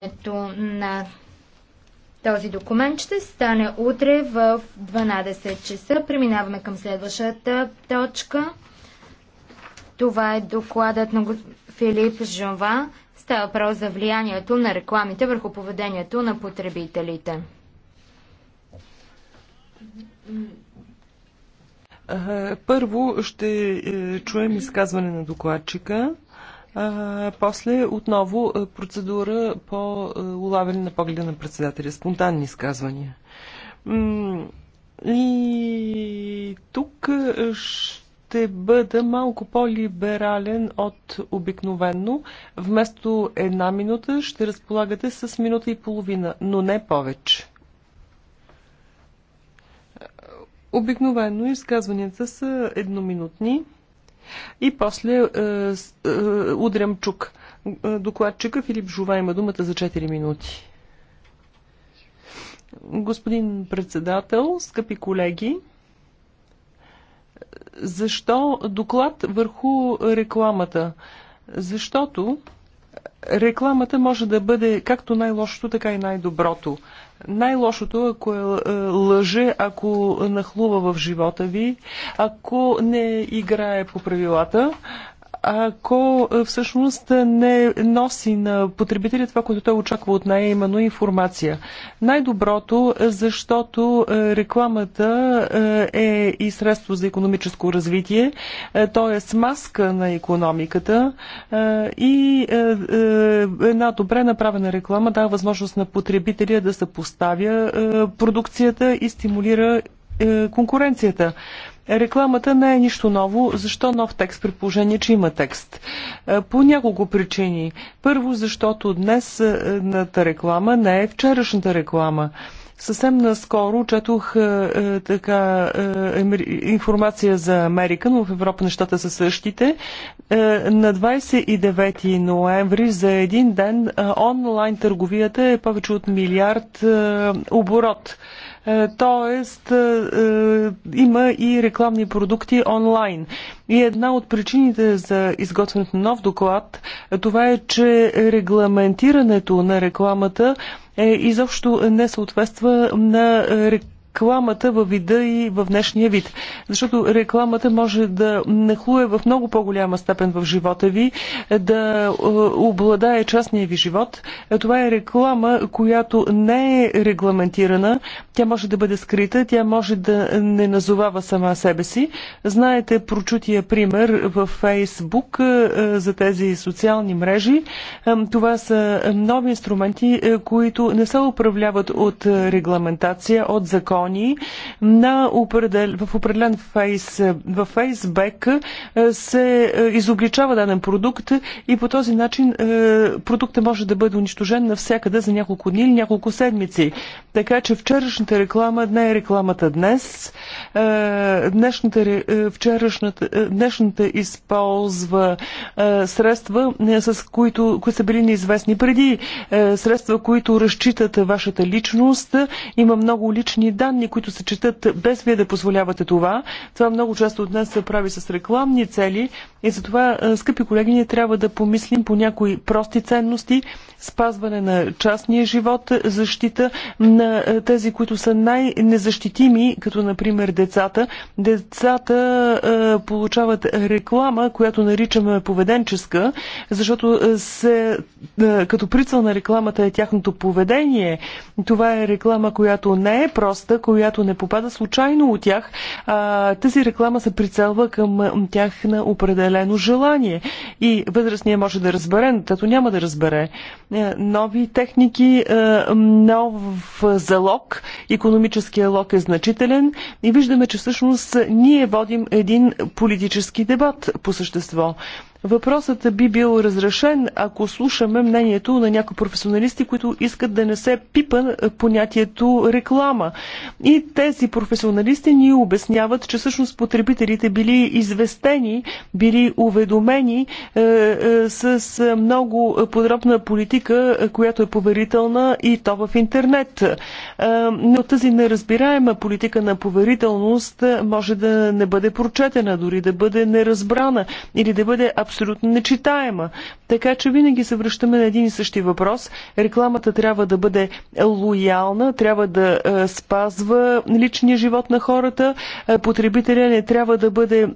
Приемането на този документ ще стане утре в 12 часа. Преминаваме към следващата точка. Това е докладът на Филип Жонва. Става въпрос за влиянието на рекламите върху поведението на потребителите. Е, първо ще е, чуем изказване на докладчика. А, после отново процедура по улавяне на погледа на председателя. Спонтанни изказвания. И тук ще бъда малко по-либерален от обикновенно. Вместо една минута ще разполагате с минута и половина, но не повече. Обикновено изказванията са едноминутни. И после е, е, удрям чук. Е, докладчика Филип Жова има думата за 4 минути. Господин председател, скъпи колеги, защо доклад върху рекламата? Защото рекламата може да бъде както най-лошото, така и най-доброто. Най-лошото, ако е, е лъже, ако нахлува в живота ви, ако не играе по правилата, ако е, всъщност не носи на потребителя това, което той очаква от нея, именно информация. Най-доброто, е, защото е, рекламата е и средство за економическо развитие, то е смазка на економиката и една добре направена реклама дава възможност на потребителя да съпоставя продукцията и стимулира конкуренцията. Рекламата не е нищо ново. Защо нов текст при положение, че има текст? Е, по няколко причини. Първо, защото днес е, е, реклама не е вчерашната реклама. Съвсем наскоро четох е, е така е, информация за Америка, но в Европа нещата са същите. Е, на 29 ноември за един ден е, онлайн търговията е повече от милиард е, оборот. Е, тоест, е, има и рекламни продукти онлайн. И една от причините за изготвянето на нов доклад, това е, че регламентирането на рекламата е, изобщо не съответства на е, рекламата във вида и в днешния вид. Защото рекламата може да нахлуе в много по-голяма степен в живота ви, да е, обладае частния ви живот. Това е реклама, която не е регламентирана. Тя може да бъде скрита, тя може да не назовава сама себе си. Знаете прочутия пример в Фейсбук е, за тези социални мрежи. Е, това са нови инструменти, които не се управляват от регламентация, от закон закони на определен, в определен фейс, в фейсбек е, се е, изобличава даден продукт и по този начин е, продукта може да бъде унищожен навсякъде за няколко дни или няколко седмици. Така че вчерашната реклама не е рекламата днес. Днешната, вчерашната, днешната използва средства, с които, които са били неизвестни преди, средства, които разчитат вашата личност. Има много лични данни данни, които се четат без вие да позволявате това. Това много често от нас се прави с рекламни цели и затова, скъпи колеги, ние трябва да помислим по някои прости ценности, спазване на частния живот, защита на тези, които са най-незащитими, като например децата. Децата получават реклама, която наричаме поведенческа, защото се, като прицел на рекламата е тяхното поведение. Това е реклама, която не е проста, която не попада случайно от тях. А, тази реклама се прицелва към тях на определено желание. И възрастния може да разбере, тато няма да разбере. Е, нови техники, е, нов залог, економическия лог е значителен и виждаме, че всъщност ние водим един политически дебат по същество. Въпросът би бил разрешен, ако слушаме мнението на някои професионалисти, които искат да не се пипа понятието реклама. И тези професионалисти ни обясняват, че всъщност потребителите били известени, били уведомени е, е, с много подробна политика, която е поверителна и то в интернет. Е, но тази неразбираема политика на поверителност може да не бъде прочетена, дори да бъде неразбрана или да бъде абсолютно абсолютно нечитаема. Така че винаги се връщаме на един и същи въпрос. Рекламата трябва да бъде лоялна, трябва да е, спазва личния живот на хората. Е, потребителя не трябва да бъде е,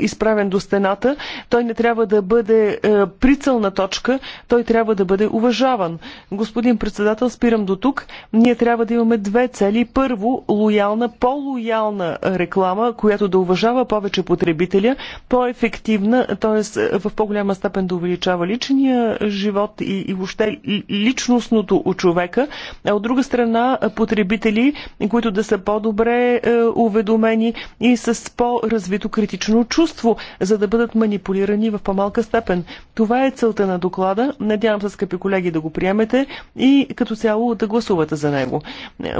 изправен до стената. Той не трябва да бъде прицелна точка. Той трябва да бъде уважаван. Господин председател, спирам до тук. Ние трябва да имаме две цели. Първо, лоялна, по-лоялна реклама, която да уважава повече потребителя, по-ефективна ефективна, т.е. в по-голяма степен да увеличава личния живот и, и въобще личностното у човека, а от друга страна потребители, които да са по-добре е, уведомени и с по-развито критично чувство, за да бъдат манипулирани в по-малка степен. Това е целта на доклада. Надявам се, скъпи колеги, да го приемете и като цяло да гласувате за него.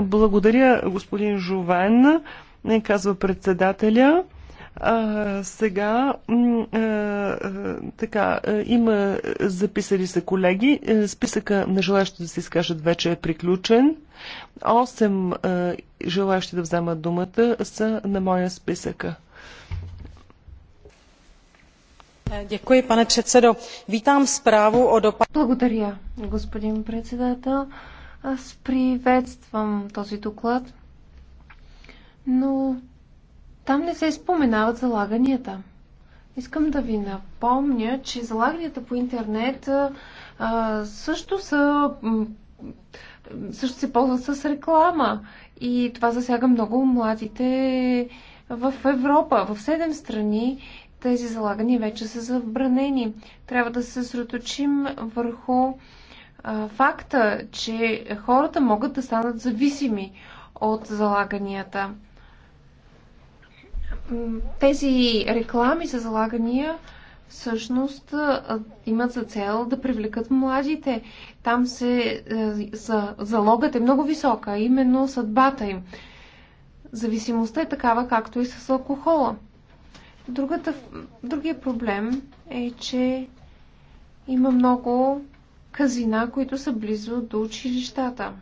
Благодаря, господин Жовен, е, казва председателя. А, сега, а, така, има записали се колеги. Е, списъка на желащите да се изкажат вече е приключен. Осем желащи да вземат думата са на моя списъка. Děkuji, pane předsedo. Vítám zprávu o dopadu. Благодаря, господин председател. Аз приветствам този доклад, но там не се споменават залаганията. Искам да ви напомня, че залаганията по интернет а, също са също се ползват с реклама и това засяга много младите в Европа. В седем страни тези залагания вече са забранени. Трябва да се съсредоточим върху а, факта, че хората могат да станат зависими от залаганията тези реклами за залагания всъщност имат за цел да привлекат младите. Там се е, за, залогът е много висока, именно съдбата им. Зависимостта е такава, както и с алкохола. Другата, другия проблем е, че има много казина, които са близо до училищата.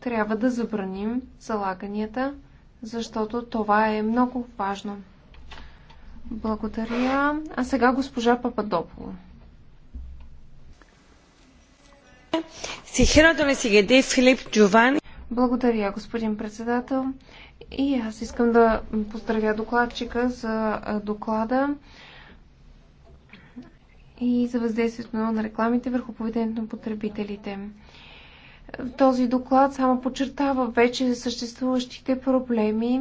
Трябва да забраним залаганията защото това е много важно. Благодаря. А сега госпожа Пападопова. Сихирото на Филип Джовани. Благодаря, господин председател. И аз искам да поздравя докладчика за доклада и за въздействието на рекламите върху поведението на потребителите. Този доклад само подчертава вече съществуващите проблеми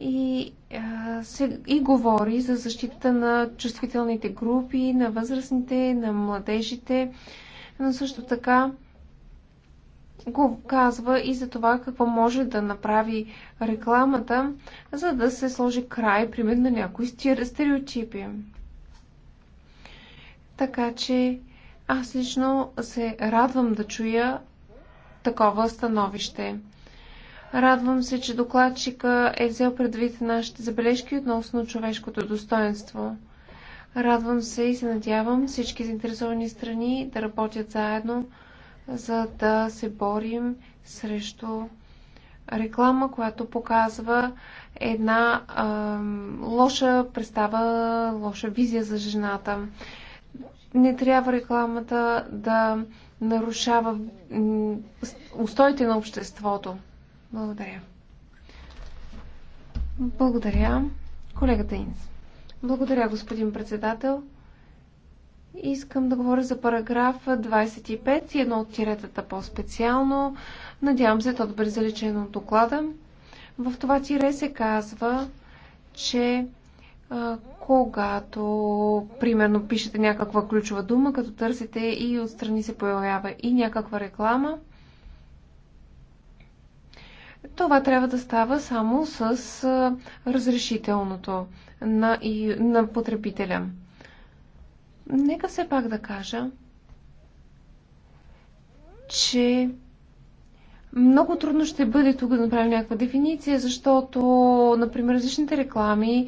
и, а, се, и говори за защита на чувствителните групи, на възрастните, на младежите, но също така го казва и за това какво може да направи рекламата, за да се сложи край, примерно, на някои стереотипи. Така че аз лично се радвам да чуя такова становище. Радвам се, че докладчика е взел предвид нашите забележки относно човешкото достоинство. Радвам се и се надявам всички заинтересовани страни да работят заедно, за да се борим срещу реклама, която показва една а, лоша представа, лоша визия за жената. Не трябва рекламата да нарушава устоите на обществото. Благодаря. Благодаря. Колегата Инс. Благодаря, господин председател. Искам да говоря за параграф 25 и едно от тиретата по-специално. Надявам се, то да бъде залечено от доклада. В това тире се казва, че когато, примерно, пишете някаква ключова дума, като търсите и отстрани се появява и някаква реклама, това трябва да става само с разрешителното на, и, на потребителя. Нека все пак да кажа, че много трудно ще бъде тук да направим някаква дефиниция, защото, например, различните реклами е,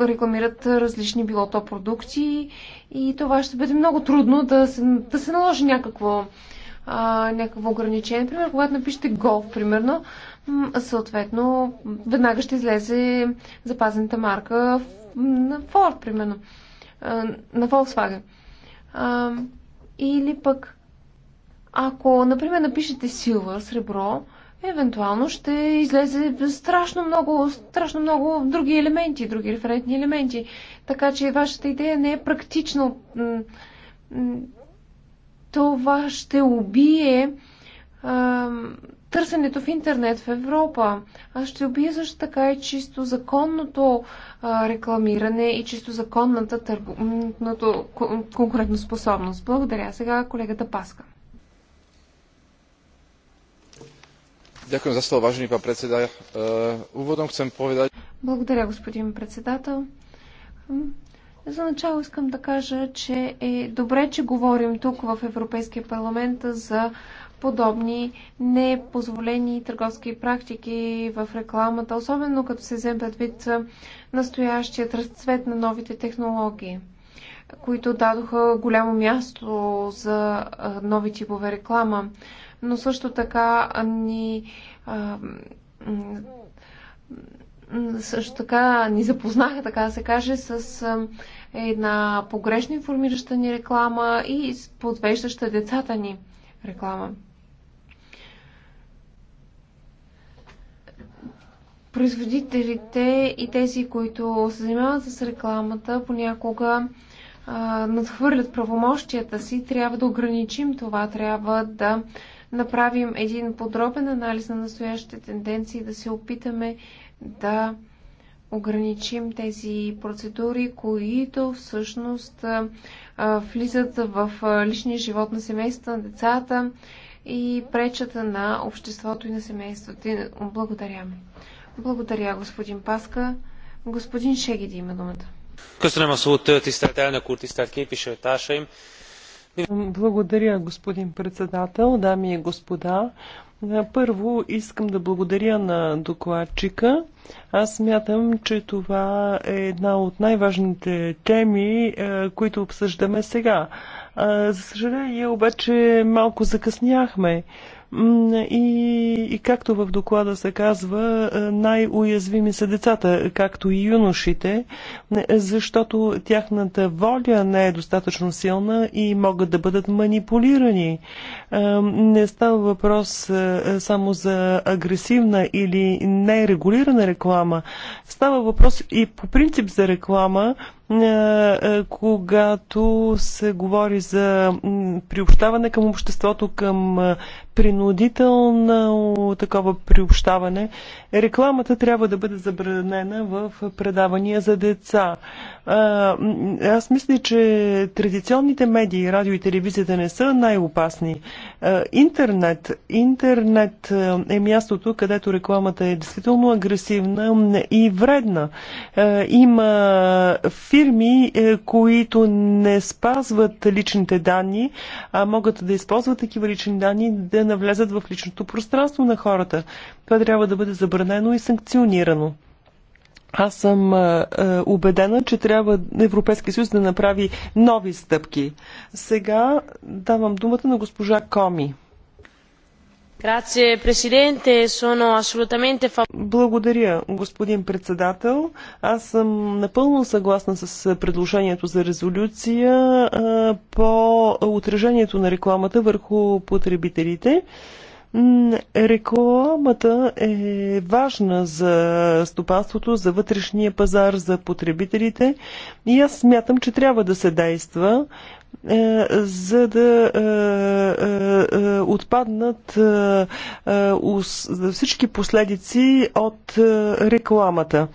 рекламират различни билото продукти и това ще бъде много трудно да се, да се наложи някакво, някакво ограничение. Например, когато напишете голф, примерно, съответно, веднага ще излезе запазената марка на Ford, примерно, е, на Volkswagen. или пък ако, например, напишете силва Сребро, евентуално ще излезе страшно много, страшно много други елементи, други референтни елементи. Така че вашата идея не е практично. Това ще убие търсенето в интернет в Европа. А ще убие също така и чисто законното рекламиране и чисто законната търгу... конкурентоспособност. Благодаря. Сега колегата Паска. Уводом e, Благодаря, господин председател. За начало искам да кажа, че е добре, че говорим тук в Европейския парламент за подобни непозволени търговски практики в рекламата, особено като се вземе предвид настоящият разцвет на новите технологии, които дадоха голямо място за нови типове реклама но също така ни а, също така ни запознаха, така да се каже, с една погрешно информираща ни реклама и подвеждаща децата ни реклама. Производителите и тези, които се занимават с рекламата, понякога а, надхвърлят правомощията си. Трябва да ограничим това, трябва да направим един подробен анализ на настоящите тенденции, да се опитаме да ограничим тези процедури, които всъщност влизат в личния живот на семейството, на децата и пречата на обществото и на семейството. Благодаря. Благодаря, господин Паска. Господин Шегеди има думата. Köszönöm a szót, tisztelt elnök úr, tisztelt képviselőtársaim! Благодаря, господин председател, дами и господа. Първо искам да благодаря на докладчика. Аз смятам, че това е една от най-важните теми, е, които обсъждаме сега. За съжаление, обаче малко закъсняхме. И, и както в доклада се казва, е, най-уязвими са децата, както и юношите, е, защото тяхната воля не е достатъчно силна и могат да бъдат манипулирани. Е, не става въпрос само за агресивна или нерегулирана реклама. Става въпрос и по принцип за реклама, е, е, когато се говори за приобщаване към обществото, към е, принудително такова приобщаване, рекламата трябва да бъде забранена в предавания за деца. Аз мисля, че традиционните медии, радио и телевизията не са най-опасни. Интернет, интернет е мястото, където рекламата е действително агресивна и вредна. Има фирми, е, които не спазват личните данни, а могат да използват такива лични данни, да навлезат в личното пространство на хората. Това трябва да бъде забранено и санкционирано. Аз съм е, е, убедена, че трябва Европейския съюз да направи нови стъпки. Сега давам думата на госпожа Коми. Благодаря, господин председател. Аз съм напълно съгласна с предложението за резолюция по отражението на рекламата върху потребителите. Рекламата е важна за стопанството, за вътрешния пазар, за потребителите и аз смятам, че трябва да се действа. Е, за да е, е, отпаднат всички последици от рекламата.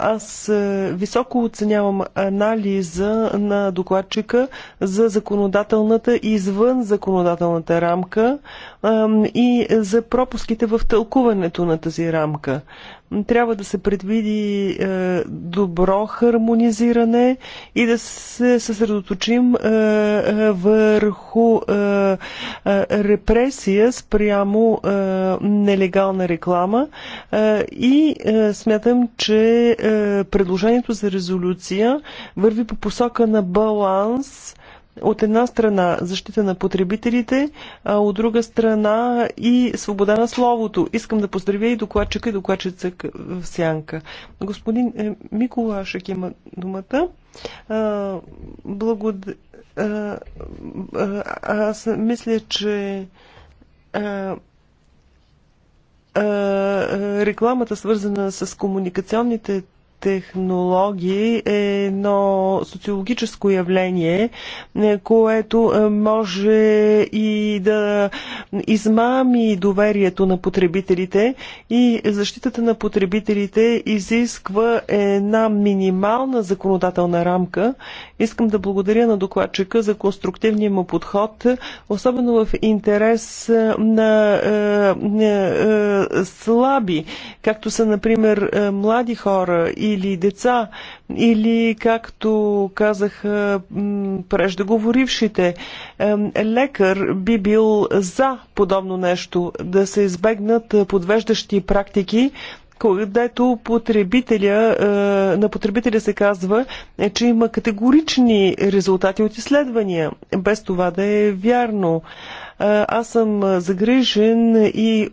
Аз високо оценявам анализа на докладчика за законодателната и извън законодателната рамка и за пропуските в тълкуването на тази рамка трябва да се предвиди е, добро хармонизиране и да се съсредоточим е, е, върху репресия спрямо нелегална реклама и смятам, че предложението за резолюция върви по посока на баланс от една страна защита на потребителите, а от друга страна и свобода на словото. Искам да поздравя и докладчика и докладчица в сянка. Господин е, Миколашек има думата. Благодаря. Аз мисля, че рекламата, свързана с комуникационните технологии е едно социологическо явление, е, което е, може и да измами доверието на потребителите и защитата на потребителите изисква една минимална законодателна рамка Искам да благодаря на докладчика за конструктивния му подход, особено в интерес е, на е, е, слаби, както са, например, е, млади хора или деца, или, както казах преждеговорившите, е, лекар би бил за подобно нещо, да се избегнат подвеждащи практики, където потребителя, е, на потребителя се казва, е, че има категорични резултати от изследвания, без това да е вярно. Аз съм загрижен и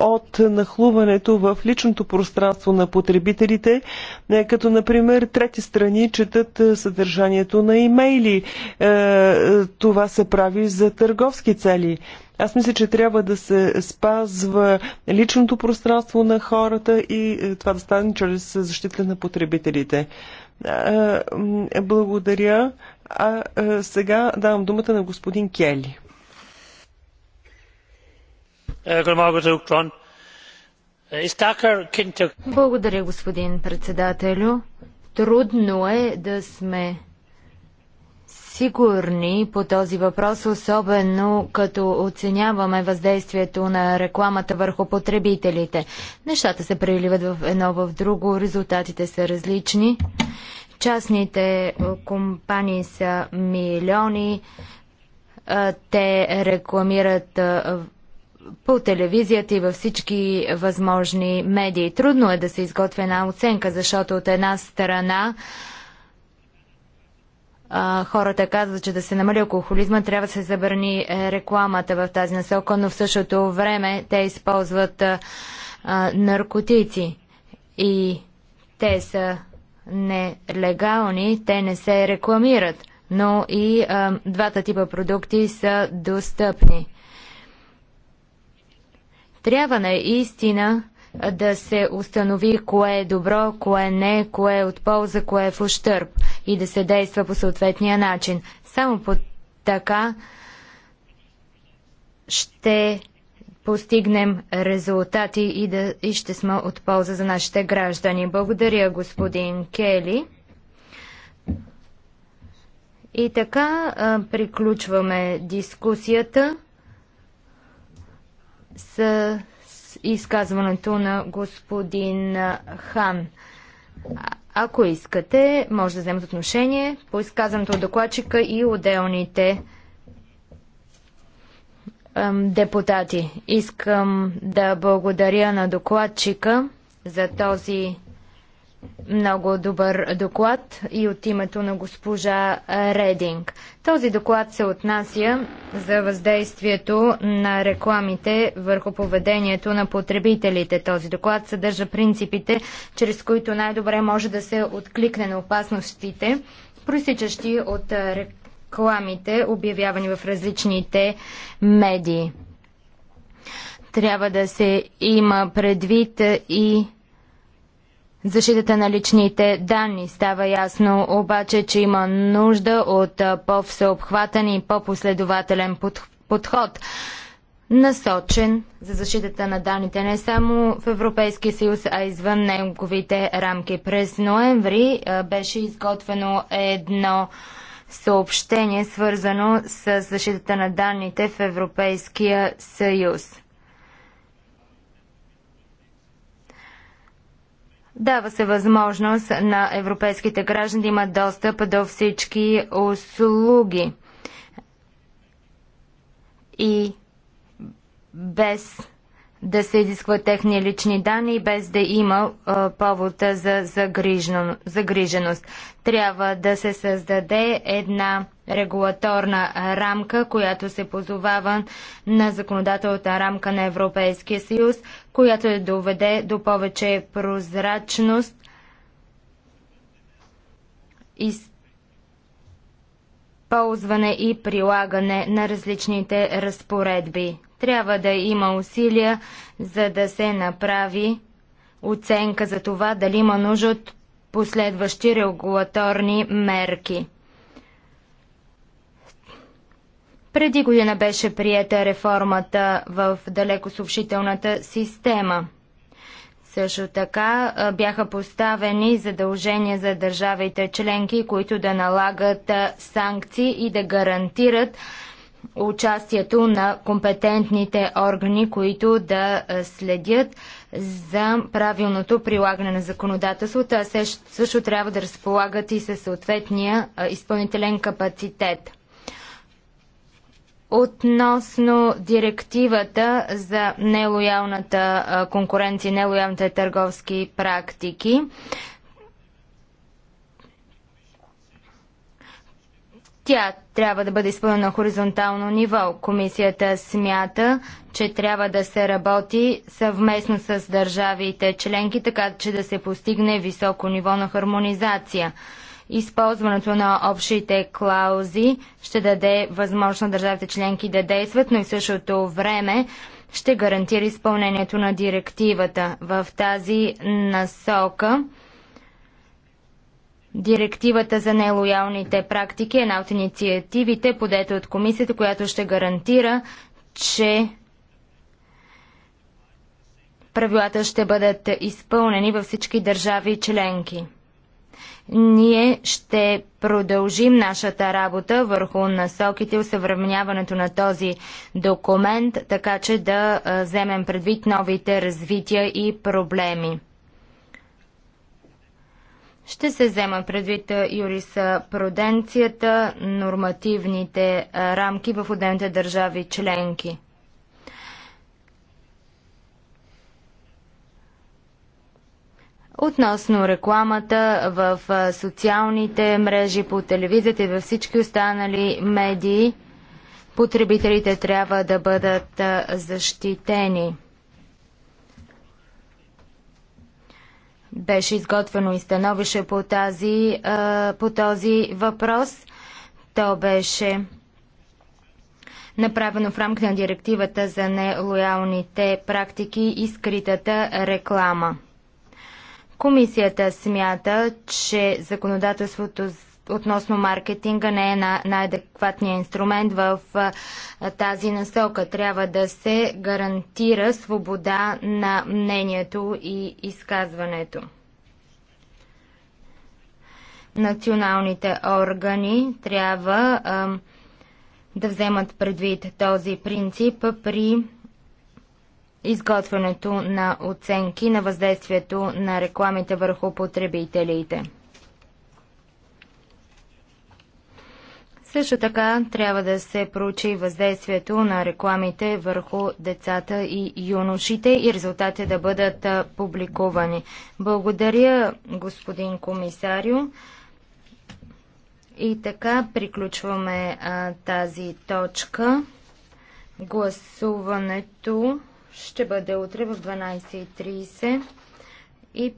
от нахлуването в личното пространство на потребителите, е, като например трети страни четат е, съдържанието на имейли. Е, това се прави за търговски цели. Аз мисля, че трябва да се спазва личното пространство на хората и това да стане чрез защита на потребителите. Благодаря. А сега давам думата на господин Кели. Благодаря, господин председателю. Трудно е да сме сигурни по този въпрос, особено като оценяваме въздействието на рекламата върху потребителите. Нещата се преливат в едно в друго, резултатите са различни. Частните компании са милиони, те рекламират по телевизията и във всички възможни медии. Трудно е да се изготвя една оценка, защото от една страна а, хората казват, че да се намали алкохолизма, трябва да се забрани е, рекламата в тази насока, но в същото време те използват а, наркотици и те са нелегални, те не се рекламират, но и а, двата типа продукти са достъпни. Трябва наистина да се установи кое е добро, кое не, кое е от полза, кое е в ущърб и да се действа по съответния начин. Само по така ще постигнем резултати и, да, и ще сме от полза за нашите граждани. Благодаря, господин Кели. И така а, приключваме дискусията с изказването на господин Хан. Ако искате, може да вземете отношение по изказването от докладчика и отделните депутати. Искам да благодаря на докладчика за този много добър доклад и от името на госпожа Рединг. Този доклад се отнася за въздействието на рекламите върху поведението на потребителите. Този доклад съдържа принципите, чрез които най-добре може да се откликне на опасностите, проистичащи от рекламите, обявявани в различните медии. Трябва да се има предвид и защитата на личните данни. Става ясно обаче, че има нужда от по-всеобхватен и по-последователен подход, насочен за защитата на данните не само в Европейския съюз, а извън неговите рамки. През ноември беше изготвено едно съобщение, свързано с защитата на данните в Европейския съюз. Дава се възможност на европейските граждани да имат достъп до всички услуги и без да се изискват техни лични данни, без да има а, повод за загриженост. Трябва да се създаде една регулаторна рамка, която се позовава на законодателната рамка на Европейския съюз, която да е доведе до повече прозрачност и ползване и прилагане на различните разпоредби. Трябва да има усилия, за да се направи оценка за това дали има нужда от последващи регулаторни мерки. Преди година беше приета реформата в далекосъобщителната система. Също така бяха поставени задължения за държавите членки, които да налагат санкции и да гарантират участието на компетентните органи, които да следят за правилното прилагане на законодателството, а също трябва да разполагат и със съответния изпълнителен капацитет. Относно директивата за нелоялната конкуренция, нелоялните търговски практики, Тя трябва да бъде изпълнена на хоризонтално ниво. Комисията смята, че трябва да се работи съвместно с държавите членки, така че да се постигне високо ниво на хармонизация. Използването на общите клаузи ще даде възможност на държавите членки да действат, но и в същото време ще гарантира изпълнението на директивата. В тази насока Директивата за нелоялните практики е една от инициативите, подета от комисията, която ще гарантира, че правилата ще бъдат изпълнени във всички държави членки. Ние ще продължим нашата работа върху насоките и усъвременяването на този документ, така че да вземем предвид новите развития и проблеми. Ще се взема предвид юриспруденцията, нормативните рамки в отделните държави членки. Относно рекламата в социалните мрежи, по телевизията и във всички останали медии, потребителите трябва да бъдат защитени. Беше изготвено и становище по, тази, по този въпрос. То беше направено в рамките на директивата за нелоялните практики и скритата реклама. Комисията смята, че законодателството относно маркетинга не е на най адекватния инструмент в тази насока. Трябва да се гарантира свобода на мнението и изказването. Националните органи трябва а, да вземат предвид този принцип при изготвянето на оценки на въздействието на рекламите върху потребителите. Също така трябва да се проучи въздействието на рекламите върху децата и юношите и резултатите да бъдат публикувани. Благодаря, господин комисарио. И така приключваме а, тази точка. Гласуването ще бъде утре в 12.30 и